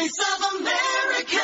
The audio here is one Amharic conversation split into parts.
Voice of America.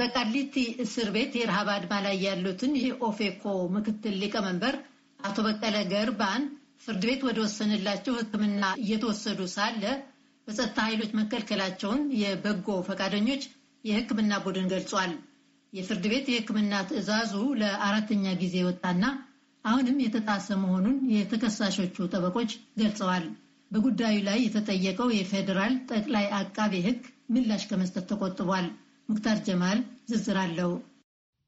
በቃሊቲ እስር ቤት የረሃብ አድማ ላይ ያሉትን የኦፌኮ ምክትል ሊቀመንበር አቶ በቀለ ገርባን ፍርድ ቤት ወደ ወሰንላቸው ሕክምና እየተወሰዱ ሳለ በጸጥታ ኃይሎች መከልከላቸውን የበጎ ፈቃደኞች የሕክምና ቡድን ገልጿል። የፍርድ ቤት የሕክምና ትዕዛዙ ለአራተኛ ጊዜ ወጣና አሁንም የተጣሰ መሆኑን የተከሳሾቹ ጠበቆች ገልጸዋል። በጉዳዩ ላይ የተጠየቀው የፌዴራል ጠቅላይ አቃቤ ሕግ ምላሽ ከመስጠት ተቆጥቧል። ሙክታር ጀማል ዝርዝር አለው።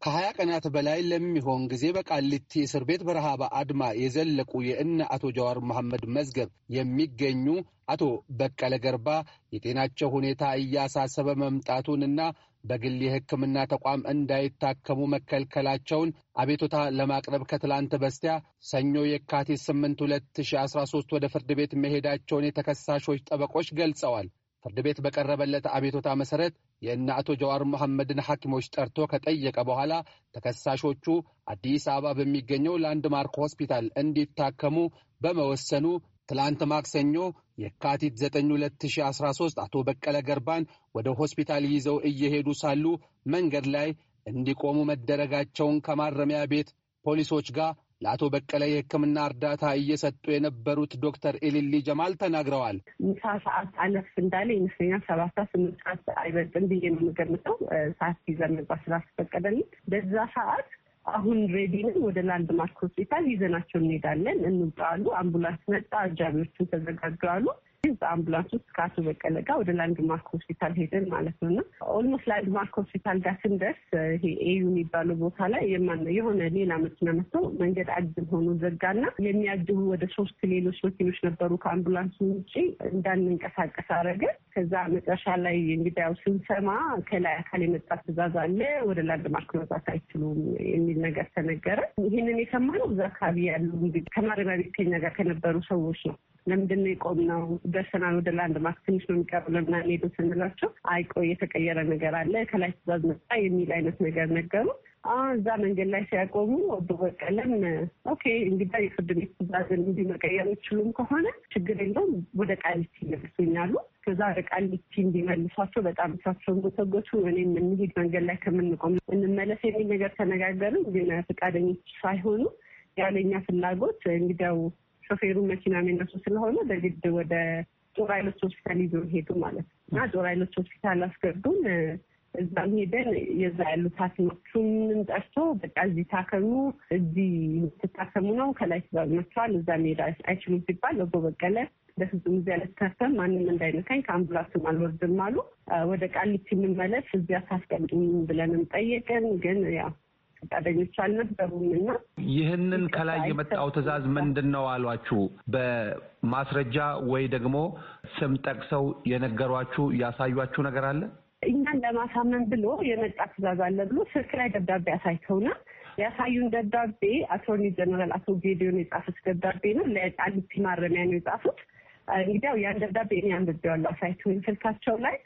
ከሀያ ቀናት በላይ ለሚሆን ጊዜ በቃሊቲ እስር ቤት በረሃብ አድማ የዘለቁ የእነ አቶ ጀዋር መሐመድ መዝገብ የሚገኙ አቶ በቀለ ገርባ የጤናቸው ሁኔታ እያሳሰበ መምጣቱንና በግል የሕክምና ተቋም እንዳይታከሙ መከልከላቸውን አቤቱታ ለማቅረብ ከትላንት በስቲያ ሰኞ የካቲት 8 2013 ወደ ፍርድ ቤት መሄዳቸውን የተከሳሾች ጠበቆች ገልጸዋል። ፍርድ ቤት በቀረበለት አቤቱታ መሠረት የእነ አቶ ጀዋር መሐመድን ሐኪሞች ጠርቶ ከጠየቀ በኋላ ተከሳሾቹ አዲስ አበባ በሚገኘው ላንድማርክ ሆስፒታል እንዲታከሙ በመወሰኑ ትላንት ማክሰኞ የካቲት 9 2013 አቶ በቀለ ገርባን ወደ ሆስፒታል ይዘው እየሄዱ ሳሉ መንገድ ላይ እንዲቆሙ መደረጋቸውን ከማረሚያ ቤት ፖሊሶች ጋር ለአቶ በቀለ የሕክምና እርዳታ እየሰጡ የነበሩት ዶክተር ኤሊሊ ጀማል ተናግረዋል። ምሳ ሰዓት አለፍ እንዳለ ይመስለኛል። ሰባታ ስምንት ሰዓት አይበልጥም ብዬ ነው የምገምተው። ሰዓት ይዘን ስራ ስፈቀደልን በዛ ሰዓት አሁን ሬዲ ነን፣ ወደ ላንድ ማርክ ሆስፒታል ይዘናቸው እንሄዳለን እንውጣሉ አምቡላንስ መጣ፣ አጃቢዎቹን ተዘጋጁ በአምቡላንስ ውስጥ ከአቶ በቀለ ጋር ወደ ላንድማርክ ሆስፒታል ሄደን ማለት ነው እና ኦልሞስት ላንድማርክ ሆስፒታል ጋር ስንደርስ ይሄ ኤዩ የሚባለው ቦታ ላይ የሆነ ሌላ መኪና መጥቶ መንገድ አግድም ሆኖ ዘጋና የሚያግቡ ወደ ሶስት ሌሎች መኪኖች ነበሩ ከአምቡላንሱ ውጭ እንዳንንቀሳቀስ አረገ። ከዛ መጨረሻ ላይ እንግዲህ ያው ስንሰማ ከላይ አካል የመጣ ትእዛዝ አለ ወደ ላንድማርክ መግባት አይችሉም የሚል ነገር ተነገረ። ይህንን የሰማነው እዛ አካባቢ ያሉ ከማረሚያ ቤት ከኛ ጋር ከነበሩ ሰዎች ነው። ለምንድን ነው የቆምነው? ደርሰናል፣ ወደ ላንድ ማርክ ትንሽ ነው የሚቀረው፣ ለምን አንሄዱ ስንላቸው አይቆ የተቀየረ ነገር አለ ከላይ ትእዛዝ መጣ የሚል አይነት ነገር ነገሩ። እዛ መንገድ ላይ ሲያቆሙ ወዶ በቀለም ኦኬ፣ እንግዲህ የፍርድ ቤት ትእዛዝን እንዲ መቀየር ይችሉም ከሆነ ችግር የለውም ወደ ቃሊቲ ይመልሱኛሉ። ከዛ ወደ ቃሊቲ እንዲመልሷቸው በጣም እሳቸውን ተጎቹ። እኔም እንሂድ መንገድ ላይ ከምንቆም እንመለስ የሚል ነገር ተነጋገርን። ግን ፈቃደኞች ሳይሆኑ ያለኛ ፍላጎት እንግዲያው ሾፌሩ መኪና የሚነሱ ስለሆነ በግድ ወደ ጦር ኃይሎች ሆስፒታል ይዞ ሄዱ ማለት ነው እና ጦር ኃይሎች ሆስፒታል አስገዱን። እዛም ሄደን የዛ ያሉ ሐኪሞቹንም ጠርቶ በቃ እዚህ ታከሙ፣ እዚህ ትታከሙ ነው ከላይ ተዛዝናቸዋል፣ እዛ መሄድ አይችሉም ሲባል ለጎ በቀለ በፍጹም እዚያ ልትከፈም ማንም እንዳይነካኝ ከአምቡላንሱም አልወርድም አሉ። ወደ ቃሊቲ የምመለስ እዚያ ታስቀምጡም ብለንም ጠየቅን። ግን ያው ፈቃደኞች አልነበሩም እና ይህንን ከላይ የመጣው ትዕዛዝ ምንድን ነው አሏችሁ? በማስረጃ ወይ ደግሞ ስም ጠቅሰው የነገሯችሁ ያሳዩችሁ ነገር አለ? እኛን ለማሳመን ብሎ የመጣ ትዕዛዝ አለ ብሎ ስልክ ላይ ደብዳቤ አሳይተውና ያሳዩን ደብዳቤ አቶርኒ ጀነራል አቶ ጌዲዮን የጻፉት ደብዳቤ ነው። ለቃሊቲ ማረሚያ ነው የጻፉት። እንግዲህ ያው ያን ደብዳቤ እኔ አንብቤዋለሁ አሳይቶኝ ስልካቸው ላይ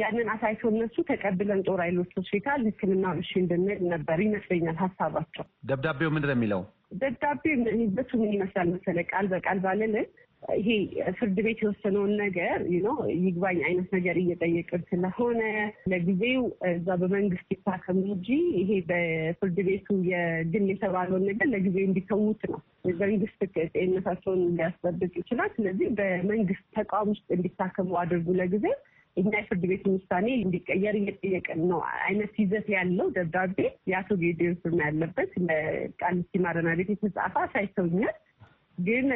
ያንን አሳይቶ እነሱ ተቀብለን ጦር ኃይሎች ሆስፒታል ሕክምና እሺ እንድንል ነበር ይመስለኛል ሀሳባቸው። ደብዳቤው ምንድን ነው የሚለው? ደብዳቤ ይዘቱ ምን ይመስላል መሰለህ? ቃል በቃል ባልልን ይሄ ፍርድ ቤት የወሰነውን ነገር ነው ይግባኝ አይነት ነገር እየጠየቅን ስለሆነ ለጊዜው እዛ በመንግስት ይታከም እንጂ ይሄ በፍርድ ቤቱ የግል የተባለውን ነገር ለጊዜው እንዲተዉት ነው። መንግስት ጤንነታቸውን ሊያስጠብቅ ይችላል። ስለዚህ በመንግስት ተቋም ውስጥ እንዲታከሙ አድርጉ ለጊዜው እኛ የፍርድ ቤት ውሳኔ እንዲቀየር እየጠየቅን ነው አይነት ይዘት ያለው ደብዳቤ የአቶ ጌዲዮን ስም ያለበት ለቃሊቲ ማረሚያ ቤት የተጻፈ አሳይተውኛል። ግን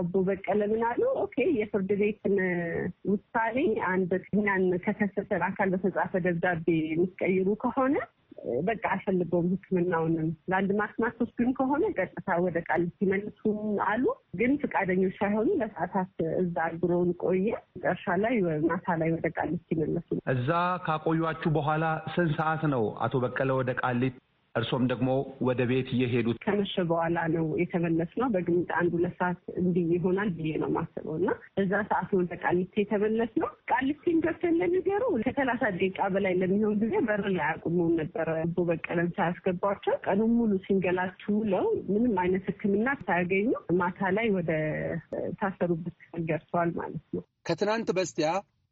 አቦ በቀለ ምን አሉ? ኦኬ የፍርድ ቤትን ውሳኔ አንድ እኛን ከከሰሰን አካል በተጻፈ ደብዳቤ የሚቀይሩ ከሆነ በቃ አልፈልገውም። ሕክምናውንም ለአንድ ማስማት ግን ከሆነ ቀጥታ ወደ ቃል ሲመልሱ አሉ። ግን ፈቃደኞች ሳይሆኑ ለሰዓታት እዛ አድሮን ቆየ። መጨረሻ ላይ ማታ ላይ ወደ ቃል ሲመለሱ እዛ ካቆዩችሁ በኋላ ስንት ሰዓት ነው አቶ በቀለ ወደ ቃሊት እርሶም ደግሞ ወደ ቤት እየሄዱት ከመሸ በኋላ ነው የተመለስ ነው። በግምት አንድ ሁለት ሰዓት እንዲህ ይሆናል ብዬ ነው የማስበው እና እዛ ሰዓት ነው ቃሊቲ የተመለስ ነው። ቃሊቲን ገብተን ለሚገሩ ከሰላሳ ደቂቃ በላይ ለሚሆን ጊዜ በር ላይ አቁመውን ነበረ። ቦ በቀለም ሳያስገባቸው ቀኑን ሙሉ ሲንገላችሁ ውለው ምንም አይነት ሕክምና ሳያገኙ ማታ ላይ ወደ ታሰሩበት ገብተዋል ማለት ነው። ከትናንት በስቲያ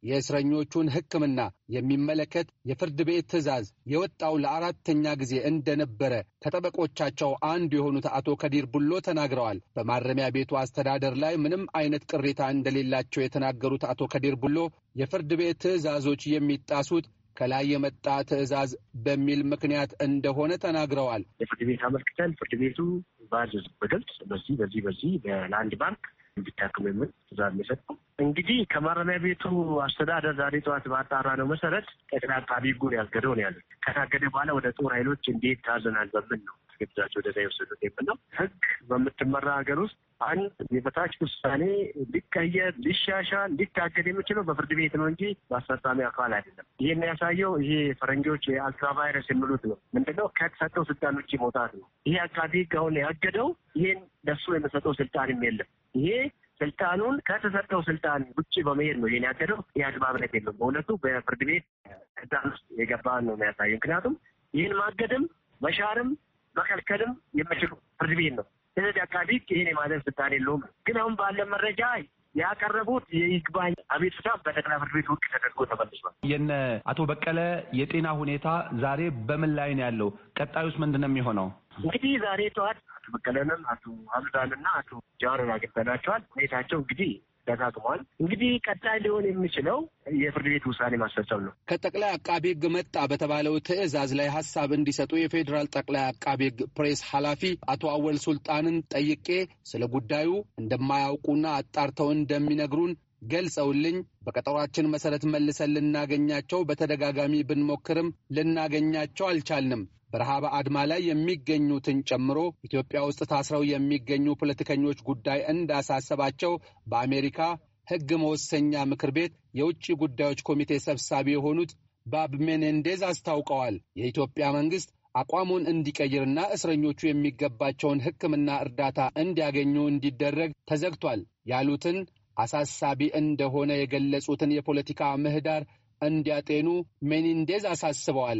የእስረኞቹን ሕክምና የሚመለከት የፍርድ ቤት ትዕዛዝ የወጣው ለአራተኛ ጊዜ እንደነበረ ከጠበቆቻቸው አንዱ የሆኑት አቶ ከዲር ቡሎ ተናግረዋል። በማረሚያ ቤቱ አስተዳደር ላይ ምንም አይነት ቅሬታ እንደሌላቸው የተናገሩት አቶ ከዲር ቡሎ የፍርድ ቤት ትዕዛዞች የሚጣሱት ከላይ የመጣ ትዕዛዝ በሚል ምክንያት እንደሆነ ተናግረዋል። የፍርድ ቤት አመልክተን ፍርድ ቤቱ ባዘዝ በግልጽ በዚህ በዚህ በዚህ በላንድ ባንክ እንዲታክሙ የሚል ትእዛዝ የሰጠው እንግዲህ ከማረሚያ ቤቱ አስተዳደር ዛሬ ጠዋት በአጣራ ነው መሰረት ጠቅላይ አቃቢ ሕጉን ያገደው ነው ያለ። ከታገደ በኋላ ወደ ጦር ኃይሎች እንዴት ታዘናል በምን ነው አስገድዳቸው ወደዛ የወሰዱት ነው። ህግ በምትመራ ሀገር ውስጥ አንድ የበታች ውሳኔ ሊቀየር፣ ሊሻሻል፣ ሊታገድ የሚችለው በፍርድ ቤት ነው እንጂ በአስፈጻሚ አካል አይደለም። ይህን ያሳየው ይሄ ፈረንጆች የአልትራ ቫይረስ የሚሉት ነው። ምንድነው ከተሰጠው ስልጣን ውጭ መውጣት ነው። ይሄ አቃቢ ህግ አሁን ያገደው ይህን ለሱ የምሰጠው ስልጣንም የለም ይሄ ስልጣኑን ከተሰጠው ስልጣን ውጭ በመሄድ ነው ይህን ያገደው። ይህ አግባብነት የለውም። በእውነቱ በፍርድ ቤት ስልጣን ውስጥ የገባን ነው የሚያሳየው። ምክንያቱም ይህን ማገድም መሻርም መከልከልም የሚችሉ ፍርድ ቤት ነው። ስለዚህ አካባቢ ይህን የማዘን ስልጣን የለውም። ግን አሁን ባለ መረጃ ያቀረቡት የይግባኝ አቤቱታ በጠቅላይ ፍርድ ቤት ውድቅ ተደርጎ ተመልሷል። የነ አቶ በቀለ የጤና ሁኔታ ዛሬ በምን ላይ ነው ያለው? ቀጣዩስ ምንድን ነው የሚሆነው? እንግዲህ ዛሬ ጠዋት አቶ በቀለንም አቶ ሀምዳንና አቶ ጃዋርን አግኝተናቸዋል። ሁኔታቸው እንግዲህ ደጋግሟል። እንግዲህ ቀጣይ ሊሆን የሚችለው የፍርድ ቤት ውሳኔ ማስፈጸም ነው። ከጠቅላይ አቃቢ ሕግ መጣ በተባለው ትዕዛዝ ላይ ሀሳብ እንዲሰጡ የፌዴራል ጠቅላይ አቃቢ ሕግ ፕሬስ ኃላፊ አቶ አወል ሱልጣንን ጠይቄ ስለ ጉዳዩ እንደማያውቁና አጣርተው እንደሚነግሩን ገልጸውልኝ በቀጠሯችን መሰረት መልሰን ልናገኛቸው በተደጋጋሚ ብንሞክርም ልናገኛቸው አልቻልንም። በረሃብ አድማ ላይ የሚገኙትን ጨምሮ ኢትዮጵያ ውስጥ ታስረው የሚገኙ ፖለቲከኞች ጉዳይ እንዳሳሰባቸው በአሜሪካ ሕግ መወሰኛ ምክር ቤት የውጭ ጉዳዮች ኮሚቴ ሰብሳቢ የሆኑት ባብ ሜኔንዴዝ አስታውቀዋል። የኢትዮጵያ መንግሥት አቋሙን እንዲቀይርና እስረኞቹ የሚገባቸውን ሕክምና እርዳታ እንዲያገኙ እንዲደረግ ተዘግቷል ያሉትን አሳሳቢ እንደሆነ የገለጹትን የፖለቲካ ምህዳር እንዲያጤኑ ሜኔንዴዝ አሳስበዋል።